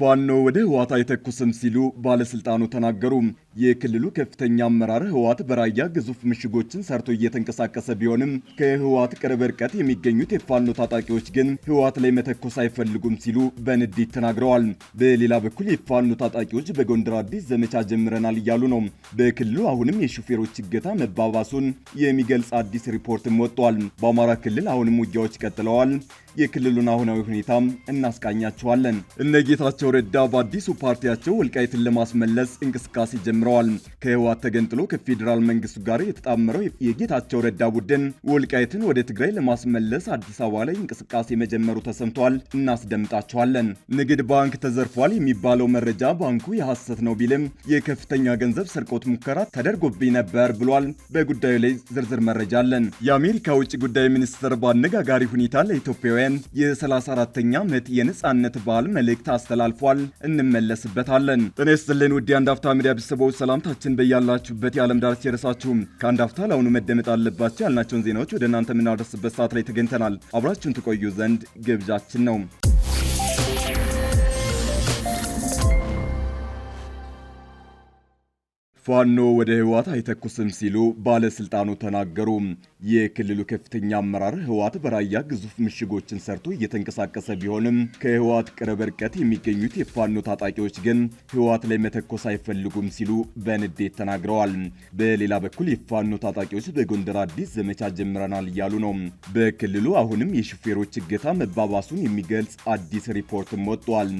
ፋኖ ወደ ህዋት አይተኩስም ሲሉ ባለስልጣኑ ተናገሩ። የክልሉ ከፍተኛ አመራር ህወሓት በራያ ግዙፍ ምሽጎችን ሰርቶ እየተንቀሳቀሰ ቢሆንም ከህወሓት ቅርብ ርቀት የሚገኙት የፋኖ ታጣቂዎች ግን ህወሓት ላይ መተኮስ አይፈልጉም ሲሉ በንዴት ተናግረዋል። በሌላ በኩል የፋኖ ታጣቂዎች በጎንደር አዲስ ዘመቻ ጀምረናል እያሉ ነው። በክልሉ አሁንም የሹፌሮች እገታ መባባሱን የሚገልጽ አዲስ ሪፖርትም ወጥቷል። በአማራ ክልል አሁንም ውጊያዎች ቀጥለዋል። የክልሉን አሁናዊ ሁኔታም እናስቃኛቸዋለን። እነ ጌታቸው ረዳ በአዲሱ ፓርቲያቸው ወልቃይትን ለማስመለስ እንቅስቃሴ ጀምረ ጀምረዋል። ከህወሓት ተገንጥሎ ከፌዴራል መንግስቱ ጋር የተጣመረው የጌታቸው ረዳ ቡድን ወልቃይትን ወደ ትግራይ ለማስመለስ አዲስ አበባ ላይ እንቅስቃሴ መጀመሩ ተሰምቷል። እናስደምጣቸዋለን። ንግድ ባንክ ተዘርፏል የሚባለው መረጃ ባንኩ የሐሰት ነው ቢልም የከፍተኛ ገንዘብ ስርቆት ሙከራ ተደርጎብኝ ነበር ብሏል። በጉዳዩ ላይ ዝርዝር መረጃ አለን። የአሜሪካ ውጭ ጉዳይ ሚኒስትር በአነጋጋሪ ሁኔታ ለኢትዮጵያውያን የ34ተኛ ዓመት የነጻነት በዓል መልእክት አስተላልፏል። እንመለስበታለን። ጤና ይስጥልን ውድ የአንድ አፍታ ሚዲያ ቤተሰቦች ቤተሰቦች ሰላምታችን በያላችሁበት የዓለም ዳርቻ የደረሳችሁም ከአንድ አፍታ ለአሁኑ መደመጥ አለባቸው ያልናቸውን ዜናዎች ወደ እናንተ የምናደርስበት ሰዓት ላይ ተገኝተናል። አብራችሁን ትቆዩ ዘንድ ግብዣችን ነው። ፋኖ ወደ ህወሓት አይተኩስም ሲሉ ባለስልጣኑ ተናገሩ። የክልሉ ከፍተኛ አመራር ህወሓት በራያ ግዙፍ ምሽጎችን ሰርቶ እየተንቀሳቀሰ ቢሆንም ከህወሓት ቅርብ ርቀት የሚገኙት የፋኖ ታጣቂዎች ግን ህወሓት ላይ መተኮስ አይፈልጉም ሲሉ በንዴት ተናግረዋል። በሌላ በኩል የፋኖ ታጣቂዎች በጎንደር አዲስ ዘመቻ ጀምረናል እያሉ ነው። በክልሉ አሁንም የሹፌሮች እገታ መባባሱን የሚገልጽ አዲስ ሪፖርትም ወጥቷል።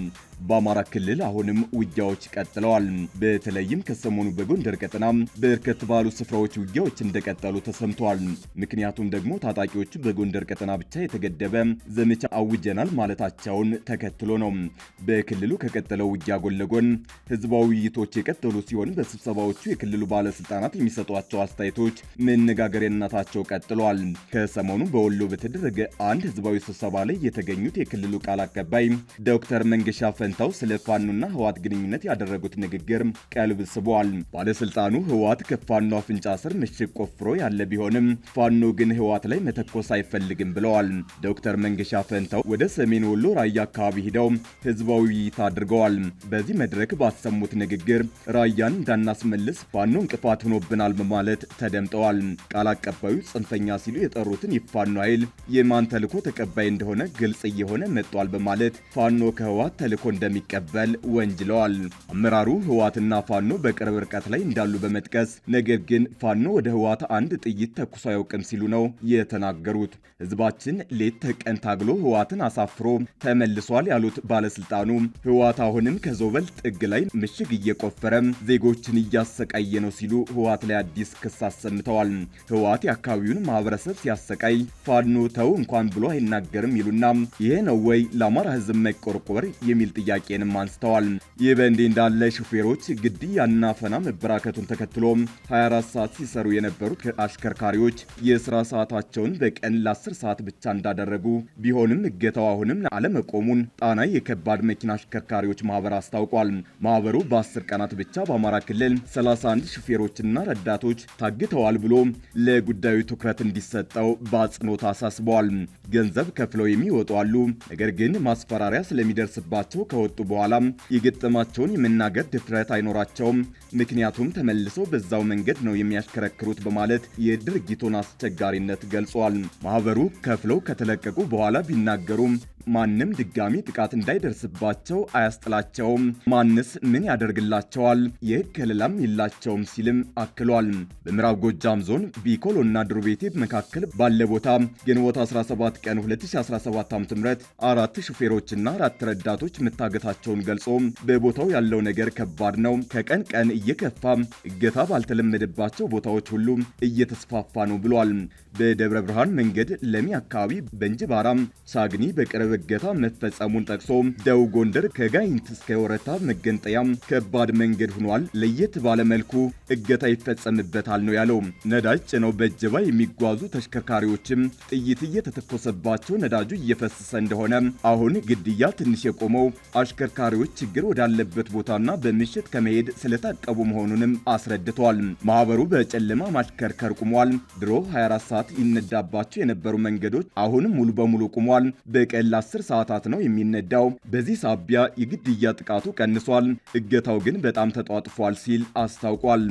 በአማራ ክልል አሁንም ውጊያዎች ቀጥለዋል። በተለይም ከሰሞኑ በጎንደር ቀጠና በርከት ባሉ ስፍራዎች ውጊያዎች እንደቀጠሉ ተሰምተዋል። ምክንያቱም ደግሞ ታጣቂዎቹ በጎንደር ቀጠና ብቻ የተገደበ ዘመቻ አውጀናል ማለታቸውን ተከትሎ ነው። በክልሉ ከቀጠለው ውጊያ ጎን ለጎን ህዝባዊ ውይይቶች የቀጠሉ ሲሆን በስብሰባዎቹ የክልሉ ባለስልጣናት የሚሰጧቸው አስተያየቶች መነጋገሪያነታቸው ቀጥለዋል። ከሰሞኑ በወሎ በተደረገ አንድ ህዝባዊ ስብሰባ ላይ የተገኙት የክልሉ ቃል አቀባይ ዶክተር መንገሻ ፈን ተገኝተው ስለ ፋኖና ህዋት ግንኙነት ያደረጉት ንግግር ቀልብ ስቧል። ባለስልጣኑ ህዋት ከፋኖ አፍንጫ ስር ምሽግ ቆፍሮ ያለ ቢሆንም ፋኖ ግን ህዋት ላይ መተኮስ አይፈልግም ብለዋል። ዶክተር መንገሻ ፈንታው ወደ ሰሜን ወሎ ራያ አካባቢ ሂደው ህዝባዊ ውይይት አድርገዋል። በዚህ መድረክ ባሰሙት ንግግር ራያን እንዳናስመልስ ፋኖ እንቅፋት ሆኖብናል በማለት ተደምጠዋል። ቃል አቀባዩ ጽንፈኛ ሲሉ የጠሩትን የፋኖ ኃይል የማን ተልኮ ተቀባይ እንደሆነ ግልጽ እየሆነ መጥቷል በማለት ፋኖ ከህዋት እንደ እንደሚቀበል ወንጅለዋል። አመራሩ ህወሓትና ፋኖ በቅርብ ርቀት ላይ እንዳሉ በመጥቀስ ነገር ግን ፋኖ ወደ ህወሓት አንድ ጥይት ተኩሶ አያውቅም ሲሉ ነው የተናገሩት። ህዝባችን ሌት ተቀን ታግሎ ህወሓትን አሳፍሮ ተመልሷል ያሉት ባለስልጣኑ ህወሓት አሁንም ከዞበል ጥግ ላይ ምሽግ እየቆፈረም ዜጎችን እያሰቃየ ነው ሲሉ ህወሓት ላይ አዲስ ክስ አሰምተዋል። ህወሓት የአካባቢውን ማህበረሰብ ሲያሰቃይ ፋኖ ተው እንኳን ብሎ አይናገርም ይሉና ይሄ ነው ወይ ለአማራ ህዝብ መቆርቆር የሚል ጥያቄ ጥያቄንም አንስተዋል። ይህ በእንዲህ እንዳለ ሹፌሮች ግድያና ፈና መበራከቱን ተከትሎ 24 ሰዓት ሲሰሩ የነበሩት አሽከርካሪዎች የስራ ሰዓታቸውን በቀን ለ10 ሰዓት ብቻ እንዳደረጉ ቢሆንም እገታው አሁንም አለመቆሙን ጣና የከባድ መኪና አሽከርካሪዎች ማህበር አስታውቋል። ማህበሩ በ10 ቀናት ብቻ በአማራ ክልል 31 ሹፌሮችና ረዳቶች ታግተዋል ብሎ ለጉዳዩ ትኩረት እንዲሰጠው በአጽንኦት አሳስበዋል። ገንዘብ ከፍለው የሚወጡ አሉ፣ ነገር ግን ማስፈራሪያ ስለሚደርስባቸው ከወጡ በኋላም የገጠማቸውን የመናገር ድፍረት አይኖራቸውም። ምክንያቱም ተመልሶ በዛው መንገድ ነው የሚያሽከረክሩት በማለት የድርጊቱን አስቸጋሪነት ገልጿል። ማህበሩ ከፍለው ከተለቀቁ በኋላ ቢናገሩም ማንም ድጋሚ ጥቃት እንዳይደርስባቸው አያስጥላቸውም። ማንስ ምን ያደርግላቸዋል? የህግ ከለላም የላቸውም ሲልም አክሏል። በምዕራብ ጎጃም ዞን ቢኮሎና ድሩቤቴ መካከል ባለ ቦታ ግንቦት 17 ቀን 2017 ዓ.ም አራት ሹፌሮችና አራት ረዳቶች መታገታቸውን ገልጾ በቦታው ያለው ነገር ከባድ ነው፣ ከቀን ቀን እየከፋ እገታ ባልተለመደባቸው ቦታዎች ሁሉ እየተስፋፋ ነው ብሏል። በደብረ ብርሃን መንገድ ለሚ አካባቢ በእንጅባራ ሳግኒ በቅርብ እገታ መፈጸሙን ጠቅሶ ደቡብ ጎንደር ከጋይንት እስከ ወረታ መገንጠያ ከባድ መንገድ ሆኗል። ለየት ባለ መልኩ እገታ ይፈጸምበታል ነው ያለው። ነዳጅ ጭነው በእጀባ የሚጓዙ ተሽከርካሪዎችም ጥይት እየተተኮሰባቸው ነዳጁ እየፈሰሰ እንደሆነ፣ አሁን ግድያ ትንሽ የቆመው አሽከርካሪዎች ችግር ወዳለበት ቦታና በምሽት ከመሄድ ስለታቀቡ መሆኑንም አስረድተዋል። ማህበሩ በጨለማ ማሽከርከር ቁሟል። ድሮ 24 ሰዓት ሰዓት ይነዳባቸው የነበሩ መንገዶች አሁን ሙሉ በሙሉ ቁሟል። በቀን ለአስር ሰዓታት ነው የሚነዳው። በዚህ ሳቢያ የግድያ ጥቃቱ ቀንሷል፣ እገታው ግን በጣም ተጧጥፏል ሲል አስታውቋል።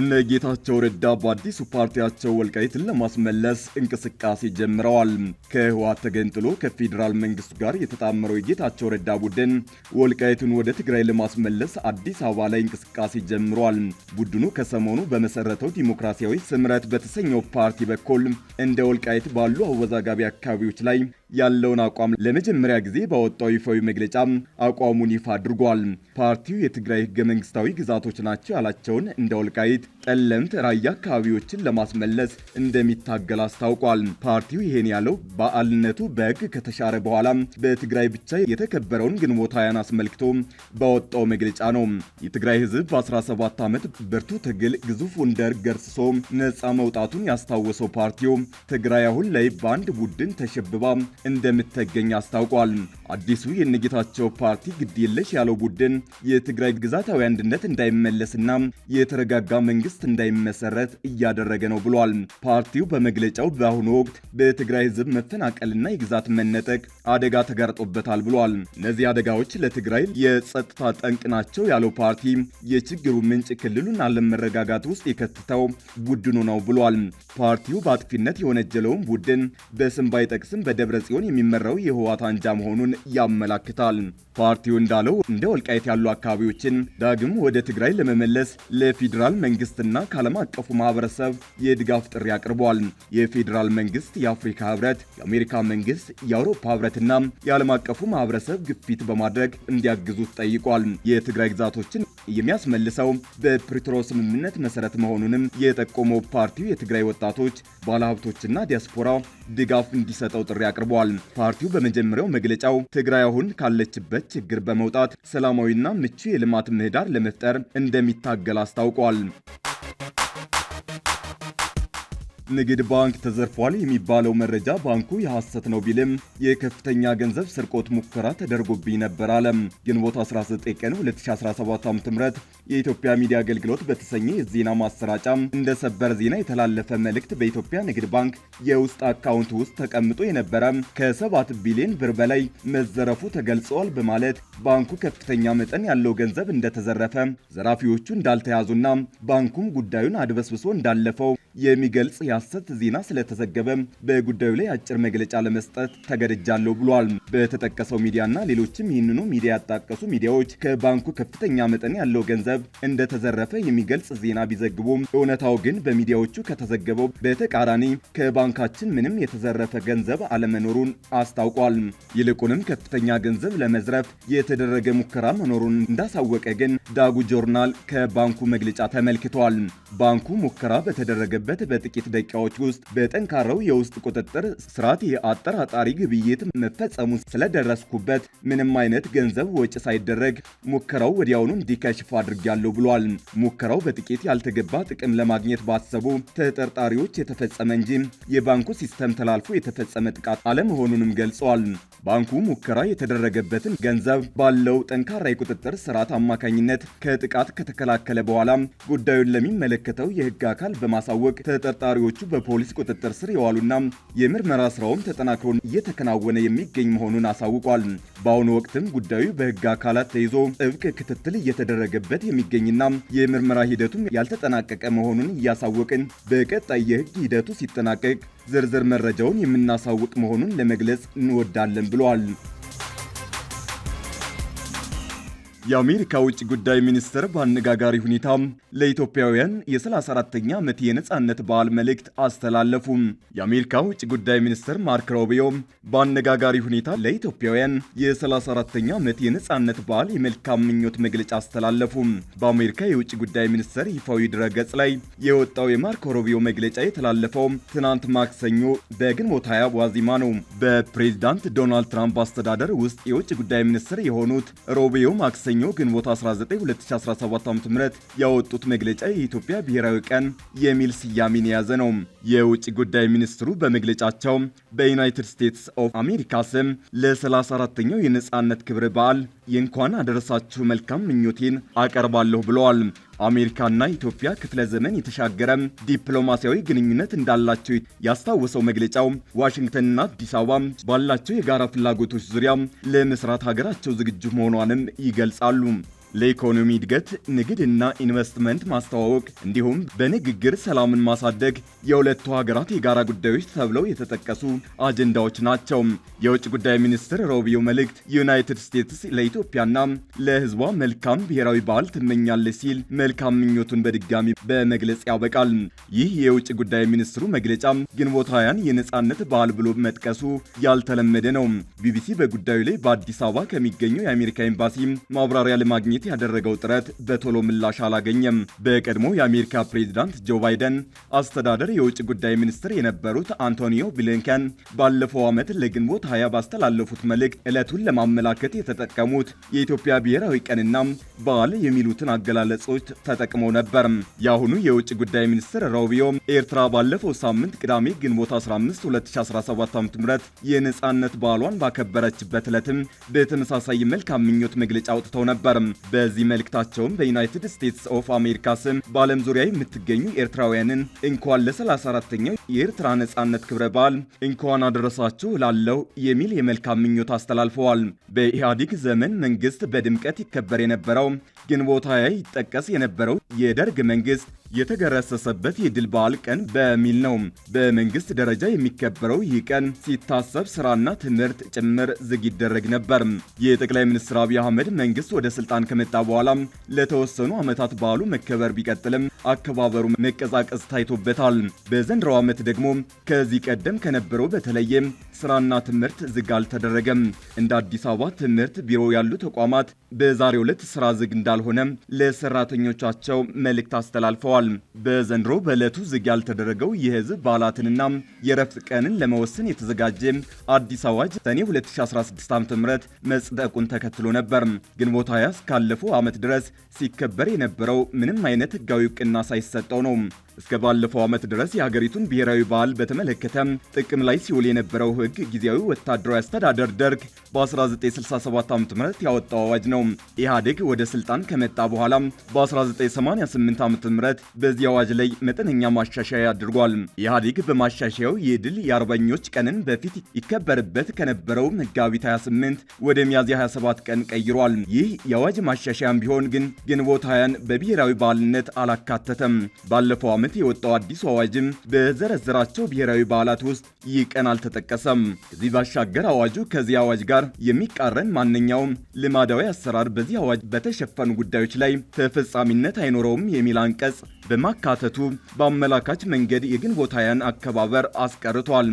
እነ ጌታቸው ረዳ በአዲሱ ፓርቲያቸው ወልቃይትን ለማስመለስ እንቅስቃሴ ጀምረዋል። ከህወሓት ተገንጥሎ ከፌዴራል መንግስቱ ጋር የተጣመረው የጌታቸው ረዳ ቡድን ወልቃይትን ወደ ትግራይ ለማስመለስ አዲስ አበባ ላይ እንቅስቃሴ ጀምረዋል። ቡድኑ ከሰሞኑ በመሰረተው ዲሞክራሲያዊ ስምረት በተሰኘው ፓርቲ በኩል እንደ ወልቃይት ባሉ አወዛጋቢ አካባቢዎች ላይ ያለውን አቋም ለመጀመሪያ ጊዜ ባወጣው ይፋዊ መግለጫ አቋሙን ይፋ አድርጓል። ፓርቲው የትግራይ ህገ መንግስታዊ ግዛቶች ናቸው ያላቸውን እንደ ወልቃይት፣ ጠለምት፣ ራያ አካባቢዎችን ለማስመለስ እንደሚታገል አስታውቋል። ፓርቲው ይሄን ያለው በዓልነቱ በህግ ከተሻረ በኋላ በትግራይ ብቻ የተከበረውን ግንቦት ሃያን አስመልክቶ ባወጣው መግለጫ ነው። የትግራይ ህዝብ በ17 ዓመት ብርቱ ትግል ግዙፍ ወንደር ገርስሶ ነጻ መውጣቱን ያስታወሰው ፓርቲው ትግራይ አሁን ላይ በአንድ ቡድን ተሸብባ እንደምትገኝ አስታውቋል። አዲሱ የነጌታቸው ፓርቲ የለሽ ያለው ቡድን የትግራይ ግዛታዊ አንድነት እንዳይመለስና የተረጋጋ መንግስት እንዳይመሰረት እያደረገ ነው ብሏል። ፓርቲው በመግለጫው በአሁኑ ወቅት በትግራይ ህዝብ መፈናቀልና የግዛት መነጠቅ አደጋ ተጋርጦበታል ብሏል። እነዚህ አደጋዎች ለትግራይ የጸጥታ ጠንቅ ናቸው ያለው ፓርቲ የችግሩ ምንጭ ክልሉን አለመረጋጋት ውስጥ የከትተው ቡድኑ ነው ብሏል። ፓርቲው በአጥፊነት የወነጀለውን ቡድን በስም ባይጠቅስም በደብረ ጽዮን የሚመራው የህወሓት አንጃ መሆኑን ያመላክታል። ፓርቲው እንዳለው እንደ ወልቃይት ያሉ አካባቢዎችን ዳግም ወደ ትግራይ ለመመለስ ለፌዴራል መንግስትና ከዓለም አቀፉ ማህበረሰብ የድጋፍ ጥሪ አቅርቧል። የፌዴራል መንግስት፣ የአፍሪካ ህብረት፣ የአሜሪካ መንግስት፣ የአውሮፓ ህብረትና የዓለም አቀፉ ማህበረሰብ ግፊት በማድረግ እንዲያግዙት ጠይቋል። የትግራይ ግዛቶችን የሚያስመልሰው በፕሪቶሪያ ስምምነት መሰረት መሆኑንም የጠቆመው ፓርቲው የትግራይ ወጣቶች ባለሀብቶችና ዲያስፖራ ድጋፍ እንዲሰጠው ጥሪ አቅርቧል። አቅርቧል። ፓርቲው በመጀመሪያው መግለጫው ትግራይ አሁን ካለችበት ችግር በመውጣት ሰላማዊና ምቹ የልማት ምህዳር ለመፍጠር እንደሚታገል አስታውቋል። ንግድ ባንክ ተዘርፏል የሚባለው መረጃ ባንኩ የሐሰት ነው ቢልም የከፍተኛ ገንዘብ ስርቆት ሙከራ ተደርጎብኝ ነበር አለም። ግንቦት 19 ቀን 2017 ዓ.ም የኢትዮጵያ ሚዲያ አገልግሎት በተሰኘ የዜና ማሰራጫ እንደ ሰበር ዜና የተላለፈ መልእክት በኢትዮጵያ ንግድ ባንክ የውስጥ አካውንት ውስጥ ተቀምጦ የነበረ ከ7 ቢሊዮን ብር በላይ መዘረፉ ተገልጸዋል በማለት ባንኩ ከፍተኛ መጠን ያለው ገንዘብ እንደተዘረፈ፣ ዘራፊዎቹ እንዳልተያዙና ባንኩም ጉዳዩን አድበስብሶ እንዳለፈው የሚገልጽ የሐሰት ዜና ስለተዘገበ በጉዳዩ ላይ አጭር መግለጫ ለመስጠት ተገድጃለሁ ብሏል። በተጠቀሰው ሚዲያና ሌሎችም ይህንኑ ሚዲያ ያጣቀሱ ሚዲያዎች ከባንኩ ከፍተኛ መጠን ያለው ገንዘብ እንደተዘረፈ የሚገልጽ ዜና ቢዘግቡም እውነታው ግን በሚዲያዎቹ ከተዘገበው በተቃራኒ ከባንካችን ምንም የተዘረፈ ገንዘብ አለመኖሩን አስታውቋል። ይልቁንም ከፍተኛ ገንዘብ ለመዝረፍ የተደረገ ሙከራ መኖሩን እንዳሳወቀ ግን ዳጉ ጆርናል ከባንኩ መግለጫ ተመልክቷል። ባንኩ ሙከራ በተደረገ በተደረገበት በጥቂት ደቂቃዎች ውስጥ በጠንካራው የውስጥ ቁጥጥር ስርዓት የአጠራጣሪ ግብይት መፈጸሙ ስለደረስኩበት ምንም አይነት ገንዘብ ወጪ ሳይደረግ ሙከራው ወዲያውኑ እንዲከሽፍ አድርጌያለሁ ብሏል። ሙከራው በጥቂት ያልተገባ ጥቅም ለማግኘት ባሰቡ ተጠርጣሪዎች የተፈጸመ እንጂ የባንኩ ሲስተም ተላልፎ የተፈጸመ ጥቃት አለመሆኑንም ገልጸዋል። ባንኩ ሙከራ የተደረገበትን ገንዘብ ባለው ጠንካራ የቁጥጥር ስርዓት አማካኝነት ከጥቃት ከተከላከለ በኋላ ጉዳዩን ለሚመለከተው የህግ አካል በማሳወቅ ሲታወቅ ተጠርጣሪዎቹ በፖሊስ ቁጥጥር ስር የዋሉና የምርመራ ስራውም ተጠናክሮ እየተከናወነ የሚገኝ መሆኑን አሳውቋል። በአሁኑ ወቅትም ጉዳዩ በህግ አካላት ተይዞ ጥብቅ ክትትል እየተደረገበት የሚገኝና የምርመራ ሂደቱም ያልተጠናቀቀ መሆኑን እያሳወቅን በቀጣይ የህግ ሂደቱ ሲጠናቀቅ ዝርዝር መረጃውን የምናሳውቅ መሆኑን ለመግለጽ እንወዳለን ብለዋል። የአሜሪካ ውጭ ጉዳይ ሚኒስትር በአነጋጋሪ ሁኔታ ለኢትዮጵያውያን የ34ተኛ ዓመት የነጻነት በዓል መልእክት አስተላለፉ። የአሜሪካ ውጭ ጉዳይ ሚኒስትር ማርክ ሮቢዮ በአነጋጋሪ ሁኔታ ለኢትዮጵያውያን የ34ተኛ ዓመት የነጻነት በዓል የመልካም ምኞት መግለጫ አስተላለፉ። በአሜሪካ የውጭ ጉዳይ ሚኒስትር ይፋዊ ድረገጽ ላይ የወጣው የማርክ ሮቢዮ መግለጫ የተላለፈው ትናንት ማክሰኞ በግንቦት 20 ዋዜማ ነው። በፕሬዚዳንት ዶናልድ ትራምፕ አስተዳደር ውስጥ የውጭ ጉዳይ ሚኒስትር የሆኑት ሮቢዮ ማክሰኞ ሰኞ ግንቦት 19 2017 ዓ.ም ያወጡት መግለጫ የኢትዮጵያ ብሔራዊ ቀን የሚል ስያሜን የያዘ ነው። የውጭ ጉዳይ ሚኒስትሩ በመግለጫቸው በዩናይትድ ስቴትስ ኦፍ አሜሪካ ስም ለ34ኛው የነጻነት ክብረ በዓል የእንኳን አደረሳችሁ መልካም ምኞቴን አቀርባለሁ ብለዋል። አሜሪካና ኢትዮጵያ ክፍለ ዘመን የተሻገረ ዲፕሎማሲያዊ ግንኙነት እንዳላቸው ያስታወሰው መግለጫው ዋሽንግተንና አዲስ አበባ ባላቸው የጋራ ፍላጎቶች ዙሪያ ለመስራት ሀገራቸው ዝግጁ መሆኗንም ይገልጻሉ። ለኢኮኖሚ እድገት ንግድና ኢንቨስትመንት ማስተዋወቅ እንዲሁም በንግግር ሰላምን ማሳደግ የሁለቱ ሀገራት የጋራ ጉዳዮች ተብለው የተጠቀሱ አጀንዳዎች ናቸው። የውጭ ጉዳይ ሚኒስትር ሮቢዮ መልእክት ዩናይትድ ስቴትስ ለኢትዮጵያና ለሕዝቧ መልካም ብሔራዊ በዓል ትመኛለች ሲል መልካም ምኞቱን በድጋሚ በመግለጽ ያበቃል። ይህ የውጭ ጉዳይ ሚኒስትሩ መግለጫ ግንቦታውያን የነፃነት በዓል ብሎ መጥቀሱ ያልተለመደ ነው። ቢቢሲ በጉዳዩ ላይ በአዲስ አበባ ከሚገኘው የአሜሪካ ኤምባሲ ማብራሪያ ለማግኘት ለማግኘት ያደረገው ጥረት በቶሎ ምላሽ አላገኘም። በቀድሞ የአሜሪካ ፕሬዚዳንት ጆ ባይደን አስተዳደር የውጭ ጉዳይ ሚኒስትር የነበሩት አንቶኒዮ ብሊንከን ባለፈው ዓመት ለግንቦት ሀያ ባስተላለፉት መልእክት ዕለቱን ለማመላከት የተጠቀሙት የኢትዮጵያ ብሔራዊ ቀንና በዓል የሚሉትን አገላለጾች ተጠቅመው ነበር። የአሁኑ የውጭ ጉዳይ ሚኒስትር ሮቢዮ ኤርትራ ባለፈው ሳምንት ቅዳሜ ግንቦት 15 2017 ዓ.ም የነጻነት በዓሏን ባከበረችበት ዕለትም በተመሳሳይ መልካም ምኞት መግለጫ አውጥተው ነበር። በዚህ መልእክታቸውም በዩናይትድ ስቴትስ ኦፍ አሜሪካ ስም በዓለም ዙሪያ የምትገኙ ኤርትራውያንን እንኳን ለ34ተኛው የኤርትራ ነጻነት ክብረ በዓል እንኳን አደረሳችሁ ላለው የሚል የመልካም ምኞት አስተላልፈዋል። በኢህአዲግ ዘመን መንግስት በድምቀት ይከበር የነበረው ግንቦት ሃያ ይጠቀስ የነበረው የደርግ መንግስት የተገረሰሰበት የድል በዓል ቀን በሚል ነው። በመንግስት ደረጃ የሚከበረው ይህ ቀን ሲታሰብ ስራና ትምህርት ጭምር ዝግ ይደረግ ነበር። የጠቅላይ ሚኒስትር አብይ አህመድ መንግስት ወደ ስልጣን ከመጣ በኋላ ለተወሰኑ ዓመታት በዓሉ መከበር ቢቀጥልም አከባበሩ መቀዛቀዝ ታይቶበታል። በዘንድሮው ዓመት ደግሞ ከዚህ ቀደም ከነበረው በተለየ ስራና ትምህርት ዝግ አልተደረገም። እንደ አዲስ አበባ ትምህርት ቢሮ ያሉ ተቋማት በዛሬው ዕለት ስራ ዝግ እንዳልሆነ ለሰራተኞቻቸው መልእክት አስተላልፈዋል። ተናግረዋል። በዘንድሮ በዕለቱ ዝግ ያልተደረገው የህዝብ በዓላትንና የእረፍት ቀንን ለመወሰን የተዘጋጀ አዲስ አዋጅ ሰኔ 2016 ም መጽደቁን ተከትሎ ነበር። ግንቦት 20 እስካለፈው ዓመት ድረስ ሲከበር የነበረው ምንም አይነት ህጋዊ እውቅና ሳይሰጠው ነው። እስከ ባለፈው ዓመት ድረስ የሀገሪቱን ብሔራዊ በዓል በተመለከተ ጥቅም ላይ ሲውል የነበረው ሕግ ጊዜያዊ ወታደራዊ አስተዳደር ደርግ በ1967 ዓ ም ያወጣው አዋጅ ነው። ኢህአዴግ ወደ ስልጣን ከመጣ በኋላ በ1988 ዓ ም በዚህ አዋጅ ላይ መጠነኛ ማሻሻያ አድርጓል። ኢህአዴግ በማሻሻያው የድል የአርበኞች ቀንን በፊት ይከበርበት ከነበረው መጋቢት 28 ወደ ሚያዝያ 27 ቀን ቀይሯል። ይህ የአዋጅ ማሻሻያም ቢሆን ግን ግንቦት ሃያን በብሔራዊ በዓልነት አላካተተም። ባለፈው ዓመት የወጣው አዲሱ አዋጅም በዘረዘራቸው ብሔራዊ በዓላት ውስጥ ይህ ቀን አልተጠቀሰም። ከዚህ ባሻገር አዋጁ ከዚህ አዋጅ ጋር የሚቃረን ማንኛውም ልማዳዊ አሰራር በዚህ አዋጅ በተሸፈኑ ጉዳዮች ላይ ተፈጻሚነት አይኖረውም የሚል አንቀጽ በማካተቱ በአመላካች መንገድ የግንቦት ሃያን አከባበር አስቀርቷል።